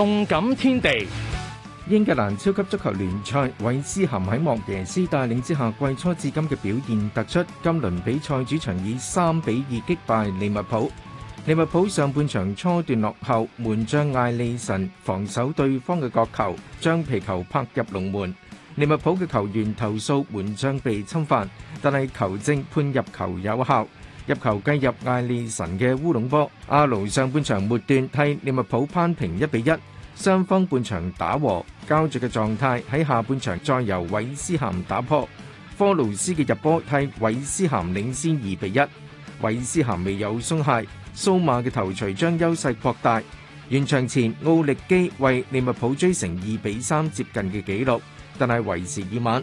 動感天地，英格蘭超級足球聯賽，韋斯咸喺莫耶斯帶領之下，季初至今嘅表現突出。今輪比賽主場以三比二擊敗利物浦。利物浦上半場初段落後，門將艾利臣防守對方嘅角球，將皮球拍入龍門。利物浦嘅球員投訴門將被侵犯，但係球證判入球有效。入球計入艾利神嘅烏龍波，阿諾上半場末段替利物浦扳平一比一，雙方半場打和膠着嘅狀態喺下半場再由韋斯咸打破，科魯斯嘅入波替韋斯咸領先二比一，韋斯咸未有鬆懈，蘇馬嘅頭槌將優勢擴大，完場前奧力基為利物浦追成二比三接近嘅紀錄，但係為時已晚。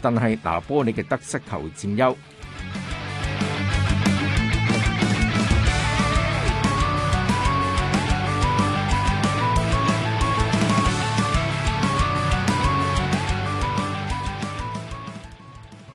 但係拿波利嘅得失球佔優。